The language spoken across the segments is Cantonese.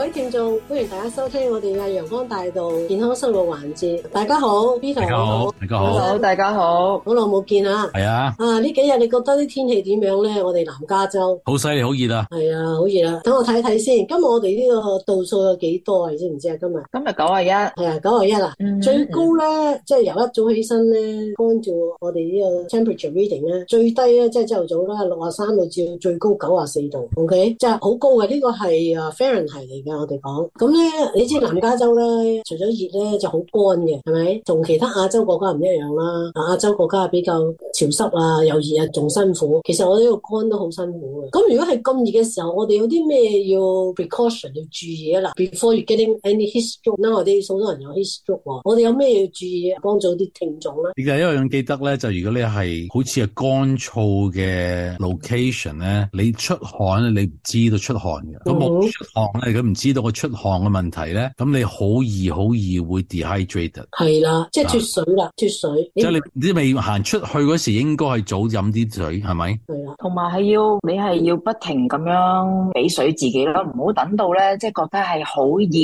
各位聽眾，歡迎大家收聽我哋嘅陽光大道健康生活環節。大家好 Vita 大家好，大家好，好大家好，好耐冇見啦，係啊，啊呢幾日你覺得啲天氣點樣咧？我哋南加州好犀利，好熱啊，係啊，好熱啦、啊。等我睇睇先，今日我哋呢個度數有幾多，知唔知啊？你知唔知啊？今日今日九啊一，係啊，九啊一啊，最高咧，即、嗯、係、就是、由一早起身咧，按照我哋呢個 temperature reading 咧，最低咧，即係朝頭早啦，六啊三度，至到最高九啊四度。OK，即係好高嘅，呢、這個係啊 Fahrenheit 嚟嘅。我哋講咁咧，你知南加州咧，除咗熱咧，就好乾嘅，係咪？同其他亞洲國家唔一樣啦。亞洲國家比較潮濕啊，又熱啊，仲辛苦。其實我呢個乾都好辛苦嘅。咁如果係咁熱嘅時候，我哋有啲咩要 precaution 要注意啊？嗱，before you get any history，嗱，我哋好多人有 history 喎，我哋有咩要注意，幫助啲聽眾咧？而家一樣記得咧，就如果你係好似係乾燥嘅 location 咧，你出汗咧，你唔知道出汗嘅，咁、嗯、冇出汗咧，咁。唔知道個出汗嘅問題咧，咁你好易好易會 dehydrated，係啦，即係脱水啦，脱水。即係你你未行出去嗰時，應該係早飲啲水，係咪？係啊，同埋係要你係要不停咁樣俾水自己咯，唔好等到咧，即係覺得係好熱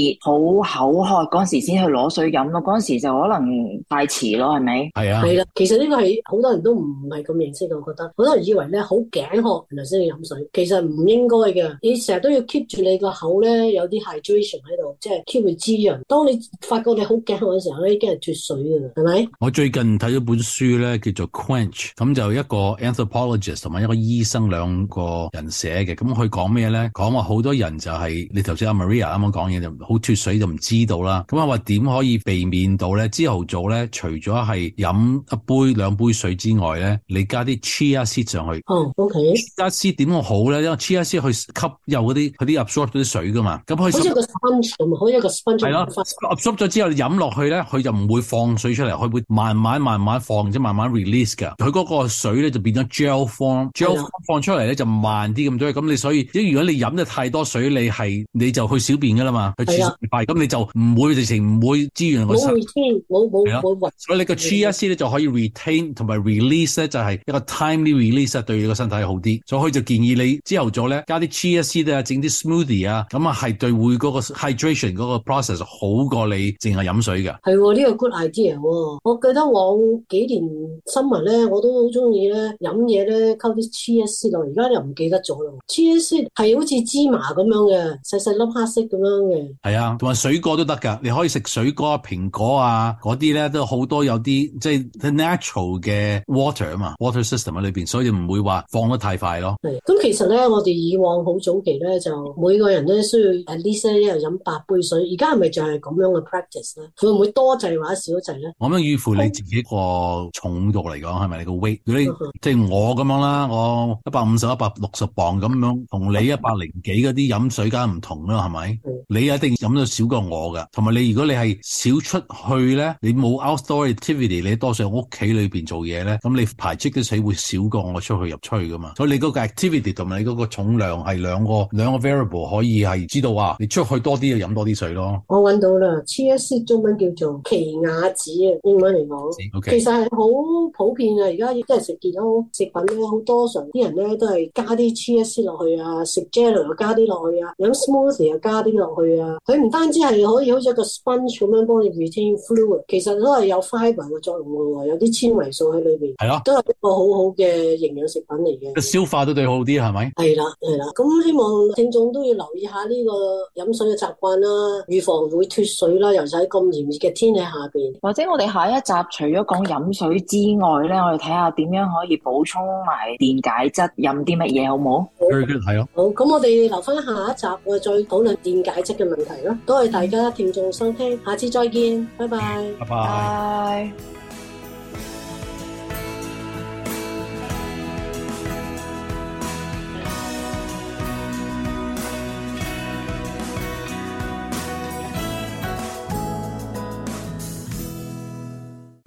好口渴嗰陣時先去攞水飲咯，嗰陣時就可能太遲咯，係咪？係啊，係啦，其實呢個係好多人都唔係咁認識，我覺得，好多人以為咧，好頸渴原來先要飲水，其實唔應該嘅，你成日都要 keep 住你個口咧。有啲 hydration 喺度，即係 keep 佢滋潤。當你發覺你好驚渴嘅時候咧，已經係脫水㗎喇，係咪？我最近睇咗本書咧，叫做 Quench，咁就一個 anthropologist 同埋一個醫生兩個人寫嘅。咁佢講咩咧？講話好多人就係、是、你頭先阿 Maria 啱啱講嘢就好脫水就唔知道啦。咁啊話點可以避免到咧？朝頭早咧，除咗係飲一杯兩杯水之外咧，你加啲 chia seed 上去。哦、oh，OK。chia seed 點會好咧？因為 chia seed 去吸入嗰啲佢啲 absorb 啲水噶嘛。咁佢 sponge、sponge 係咯，absorb 咗之後你飲落去咧，佢就唔會放水出嚟，佢會慢慢慢慢放，即慢慢 release 㗎。佢嗰個水咧就變咗 gel form，gel、啊、form 放出嚟咧就慢啲咁多。咁你所以，如果你飲咗太多水，你係你就去小便噶啦嘛，啊、去快咁、啊、你就唔會直情唔會滋潤個身。冇冇冇冇，所以你個 chia seed 咧就可以 retain 同埋 release 咧，就係一個 timely release 對你個身體好啲。所以佢就建議你朝頭早咧加啲 chia seed 啊，整啲 smoothie 啊，咁啊係。對，會嗰個 hydration 嗰個 process 好過你淨係飲水嘅。係喎，呢個 good idea，哦。我記得往幾年新聞咧，我都好中意咧飲嘢咧溝啲 TSC 咯，而家又唔記得咗咯。TSC 係好似芝麻咁樣嘅，細細粒黑色咁樣嘅。係啊，同埋水果都得噶，你可以食水果啊，蘋果啊嗰啲咧都好多有啲即係 natural 嘅 water 啊嘛，water system 喺裏邊，所以唔會話放得太快咯。係咁，其實咧我哋以往好早期咧就每個人咧需要。誒呢些一日飲八杯水，而家係咪就係咁樣嘅 practice 咧？會唔會多滯或者少滯咧？咁樣預乎你自己個重度嚟講，係咪？你個 weight，如果你 即係我咁樣啦，我一百五十、一百六十磅咁樣，同你一百零幾嗰啲飲水梗唔同啦，係咪？ 你一定飲到少過我㗎。同埋你如果你係少出去咧，你冇 outdoor activity，你多上屋企裏面做嘢咧，咁你排斥嘅水會少過我出去入吹㗎嘛。所以你嗰個 activity 同埋你嗰個重量係兩個兩個 variable 可以係知道。哇！你出去多啲就飲多啲水咯。我揾到啦，chia seed 中文叫做奇亞籽啊，英文嚟講，okay。其實係好普遍啊。而家亦都係食健康食品咧，好多常啲人咧都係加啲 chia seed 落去啊，食 jelly 又加啲落去啊，飲 smoothie 又加啲落去啊。佢唔單止係可以好似一個 sponge 咁樣幫你 retain fluid，其實都係有 fiber 嘅作用嘅喎，有啲纖維素喺裏面，係咯，都係一個好好嘅營養食品嚟嘅。消化都對好啲係咪？係啦，係啦。咁希望聽眾都要留意下呢個。飲水嘅習慣啦，預防會脫水啦，尤其喺咁炎熱嘅天氣下邊。或者我哋下一集除咗講飲水之外咧，我哋睇下點樣可以補充埋電解質，飲啲乜嘢好冇？係咯，好，咁我哋留翻下，下一集，我哋再討論電解質嘅問題啦。多謝大家聽眾收聽，下次再見，拜拜，拜拜。Bye.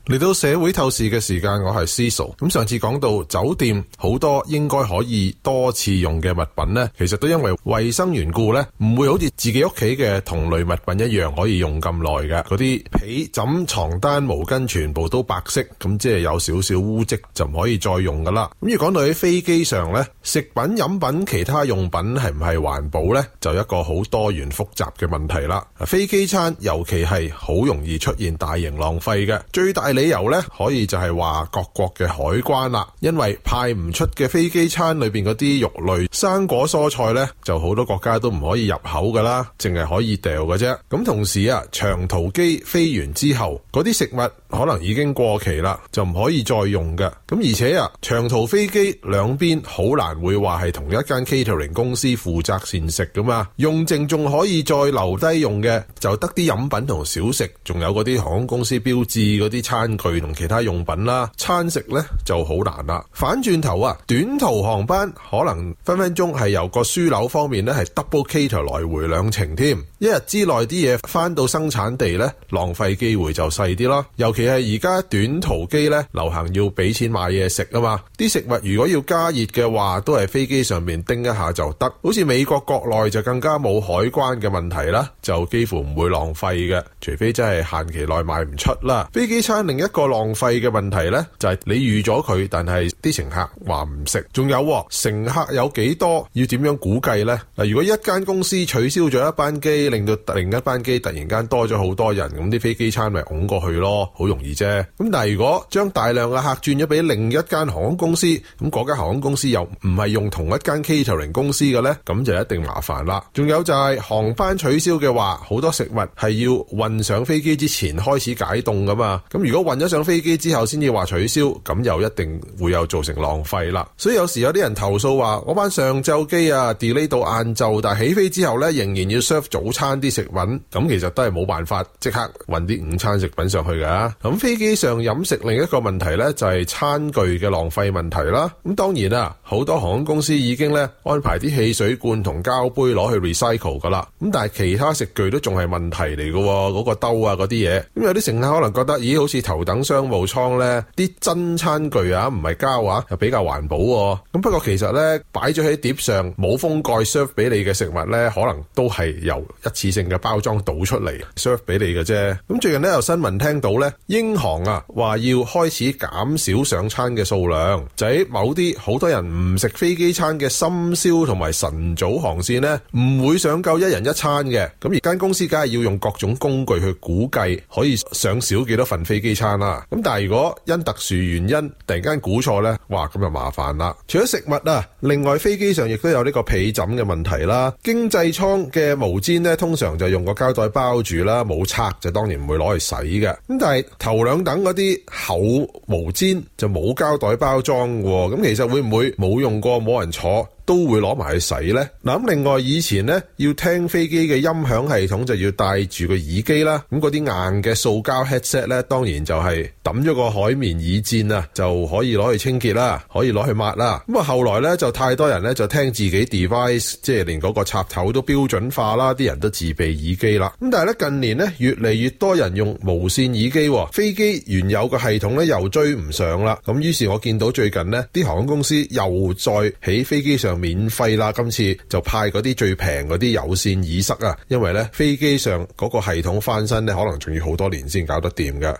嚟到社會透視嘅時間，我係思瑤。咁上次講到酒店好多應該可以多次用嘅物品呢，其實都因為衛生緣故呢，唔會好似自己屋企嘅同類物品一樣可以用咁耐嘅，嗰啲被枕、床單、毛巾，全部都白色，咁即係有少少污跡就唔可以再用噶啦。咁而講到喺飛機上呢，食品、飲品、其他用品係唔係環保呢？就一個好多元複雜嘅問題啦。飛機餐尤其係好容易出現大型浪費嘅，最大。理由咧，可以就係話各國嘅海關啦，因為派唔出嘅飛機餐裏邊嗰啲肉類、生果、蔬菜咧，就好多國家都唔可以入口噶啦，淨係可以掉嘅啫。咁同時啊，長途機飛完之後，嗰啲食物可能已經過期啦，就唔可以再用嘅。咁而且啊，長途飛機兩邊好難會話係同一間 catering 公司負責膳食噶嘛，用剩仲可以再留低用嘅，就得啲飲品同小食，仲有嗰啲航空公司標誌嗰啲餐工具同其他用品啦，餐食咧就好難啦。反轉頭啊，短途航班可能分分鐘係由個樞紐方面咧係 double cater 來回兩程添。一日之內啲嘢翻到生產地呢，浪費機會就細啲啦。尤其係而家短途機呢，流行要俾錢買嘢食啊嘛，啲食物如果要加熱嘅話，都係飛機上面叮一下就得。好似美國國內就更加冇海關嘅問題啦，就幾乎唔會浪費嘅，除非真係限期內賣唔出啦。飛機餐另一個浪費嘅問題呢，就係你預咗佢，但係啲乘客話唔食。仲有，乘客有幾多，要點樣估計呢？嗱，如果一間公司取消咗一班機。令到另一班機突然間多咗好多人，咁啲飛機餐咪拱過去咯，好容易啫。咁但係如果將大量嘅客轉咗俾另一間航空公司，咁嗰間航空公司又唔係用同一間 catering 公司嘅呢，咁就一定麻煩啦。仲有就係、是、航班取消嘅話，好多食物係要運上飛機之前開始解凍噶嘛。咁如果運咗上飛機之後先至話取消，咁又一定會有造成浪費啦。所以有時有啲人投訴話，嗰班上晝機啊 delay 到晏晝，但係起飛之後呢，仍然要 serve 早餐。餐啲食品咁，其實都係冇辦法即刻運啲午餐食品上去㗎、啊。咁飛機上飲食另一個問題呢，就係、是、餐具嘅浪費問題啦。咁當然啊，好多航空公司已經呢安排啲汽水罐同膠杯攞去 recycle 㗎啦。咁但係其他食具都仲係問題嚟㗎。嗰個兜啊，嗰啲嘢咁有啲乘客可能覺得，咦？好似頭等商務艙呢啲真餐具啊，唔係膠啊，又比較環保、啊。咁不過其實呢，擺咗喺碟上冇封蓋 serve 俾你嘅食物呢，可能都係由一次性嘅包裝倒出嚟 serve 俾你嘅啫。咁最近呢，有新聞聽到呢，英航啊，話要開始減少上餐嘅數量，就喺某啲好多人唔食飛機餐嘅深宵同埋晨早航綫呢，唔會上夠一人一餐嘅。咁而間公司梗係要用各種工具去估計可以上少幾多份飛機餐啦。咁但係如果因特殊原因突然間估錯呢，哇，咁就麻煩啦。除咗食物啊，另外飛機上亦都有呢個被枕嘅問題啦。經濟艙嘅毛氈呢。通常就用個膠袋包住啦，冇拆就當然唔會攞嚟洗嘅。咁但係頭兩等嗰啲厚毛氈就冇膠袋包裝喎。咁其實會唔會冇用過冇人坐，都會攞埋去洗呢。嗱咁，另外以前呢要聽飛機嘅音響系統，就要戴住個耳機啦。咁嗰啲硬嘅塑膠 headset 咧，當然就係揼咗個海綿耳墊啊，就可以攞去清潔啦，可以攞去抹啦。咁啊，後來呢，就太多人呢就聽自己 device，即係連嗰個插頭都標準化啦，啲人都自備耳機啦。咁但係咧近年呢，越嚟越多人用無線耳機，飛機原有嘅系統呢又追唔上啦。咁於是，我見到最近呢啲航空公司又再喺飛機上。免費啦！今次就派嗰啲最平嗰啲有線耳塞啊，因為呢飛機上嗰個系統翻新呢，可能仲要好多年先搞得掂㗎。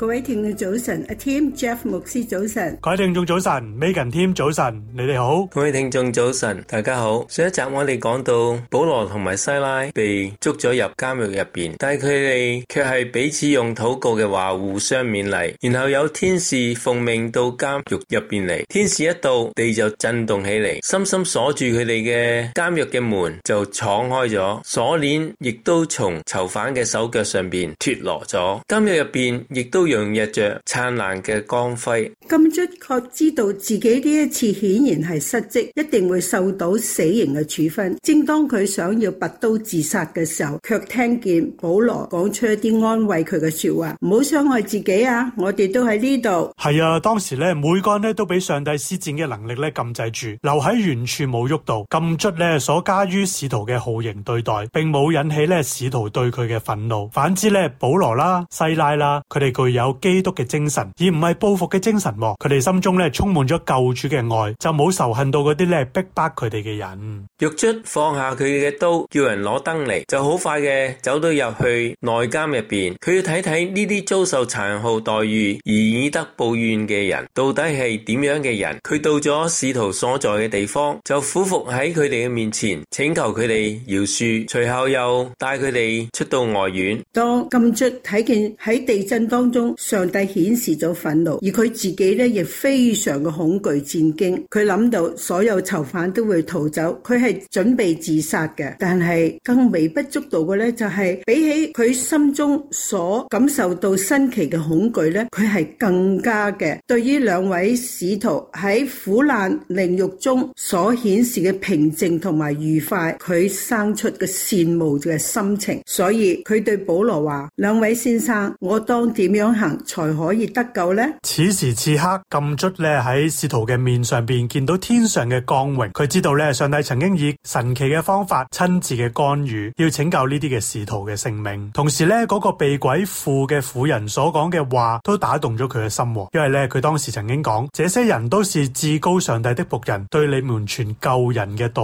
各位聽眾早晨，阿 Tim、Jeff 牧師早晨，各位聽眾早晨，Megan Tim 早晨，你哋好，各位聽眾早晨，大家好。上一集我哋講到保羅同埋西拉被捉咗入監獄入邊，但係佢哋卻係彼此用禱告嘅話互相勉勵，然後有天使奉命到監獄入邊嚟，天使一到，地就震動起嚟，深深鎖住佢哋嘅監獄嘅門就敞開咗，鎖鏈亦都從囚犯嘅手腳上邊脫落咗，監獄入邊亦都。用一着燦爛嘅光輝，禁卒確知道自己呢一次顯然係失職，一定會受到死刑嘅處分。正當佢想要拔刀自殺嘅時候，卻聽見保羅講出一啲安慰佢嘅說話：唔好傷害自己啊！我哋都喺呢度。係啊，當時咧，每個人咧都俾上帝施展嘅能力咧禁制住，留喺原處冇喐到。禁卒咧所加於使徒嘅酷刑對待，並冇引起咧使徒對佢嘅憤怒，反之咧，保羅啦、西拉啦，佢哋具有。有基督嘅精神，而唔係報復嘅精神。佢哋心中咧充滿咗救主嘅愛，就冇仇恨到嗰啲咧逼迫佢哋嘅人。禁卒放下佢嘅刀，叫人攞燈嚟，就好快嘅走到入去內監入邊。佢要睇睇呢啲遭受殘酷待遇而以德報怨嘅人，到底係點樣嘅人。佢到咗使徒所在嘅地方，就俯伏喺佢哋嘅面前，請求佢哋饒恕。隨後又帶佢哋出到外院，當禁卒睇見喺地震當中。上帝顯示咗憤怒，而佢自己咧亦非常嘅恐懼戰驚。佢諗到所有囚犯都會逃走，佢係準備自殺嘅。但係更微不足道嘅咧、就是，就係比起佢心中所感受到新奇嘅恐懼咧，佢係更加嘅對於兩位使徒喺苦難凌辱中所顯示嘅平靜同埋愉快，佢生出嘅羨慕嘅心情。所以佢對保羅話：兩位先生，我當點樣？行才可以得救呢？此時此刻，禁卒咧喺使徒嘅面上邊見到天上嘅光榮，佢知道咧上帝曾經以神奇嘅方法親自嘅干預，要拯救呢啲嘅使徒嘅性命。同時咧，嗰、那個被鬼附嘅婦人所講嘅話都打動咗佢嘅心，因為咧佢當時曾經講，這些人都是至高上帝的僕人，對你們傳救人嘅道。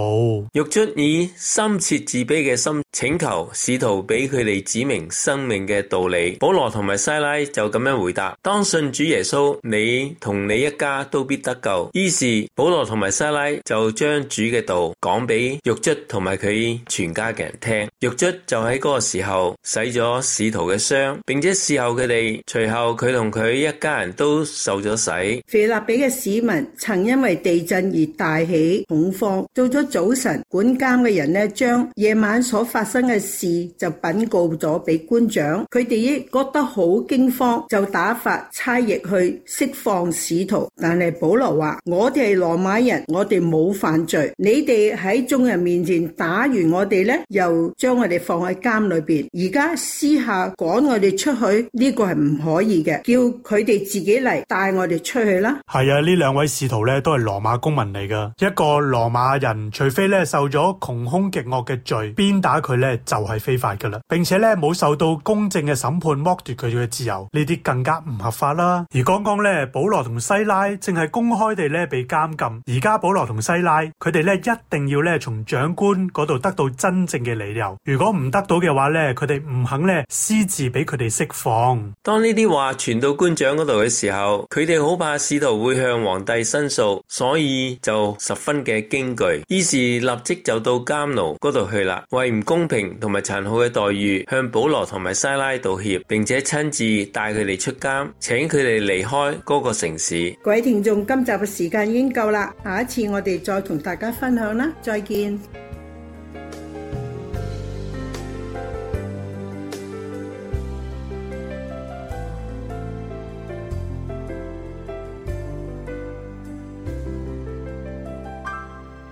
禁卒以深切自卑嘅心請求使徒俾佢哋指明生命嘅道理，保羅同埋西拉。就咁樣回答，當信主耶穌，你同你一家都必得救。於是保羅同埋西拉就將主嘅道講俾禁卒同埋佢全家嘅人聽。禁卒就喺嗰個時候洗咗使徒嘅傷，並且事後佢哋，隨後佢同佢一家人都受咗洗。腓立比嘅市民曾因為地震而大起恐慌。到咗早晨，管監嘅人呢，將夜晚所發生嘅事就稟告咗俾官長，佢哋亦覺得好驚慌。就打發差役去釋放使徒，但係保羅話：我哋係羅馬人，我哋冇犯罪，你哋喺眾人面前打完我哋呢又將我哋放喺監裏邊，而家私下趕我哋出去呢個係唔可以嘅，叫佢哋自己嚟帶我哋出去啦。係啊，呢兩位使徒咧都係羅馬公民嚟噶，一個羅馬人，除非咧受咗窮凶極惡嘅罪，鞭打佢咧就係非法噶啦，並且咧冇受到公正嘅審判，剝奪佢哋嘅自由。呢啲更加唔合法啦。而剛剛咧，保羅同西拉正係公開地咧被監禁。而家保羅同西拉，佢哋咧一定要咧從長官嗰度得到真正嘅理由。如果唔得到嘅話咧，佢哋唔肯咧私自俾佢哋釋放。當呢啲話傳到官長嗰度嘅時候，佢哋好怕使徒會向皇帝申訴，所以就十分嘅驚懼，於是立即就到監牢嗰度去啦，為唔公平同埋殘酷嘅待遇向保羅同埋西拉道歉，並且親自帶。帶佢哋出監，請佢哋離開嗰個城市。各位聽眾，今集嘅時間已經夠啦，下一次我哋再同大家分享啦，再見。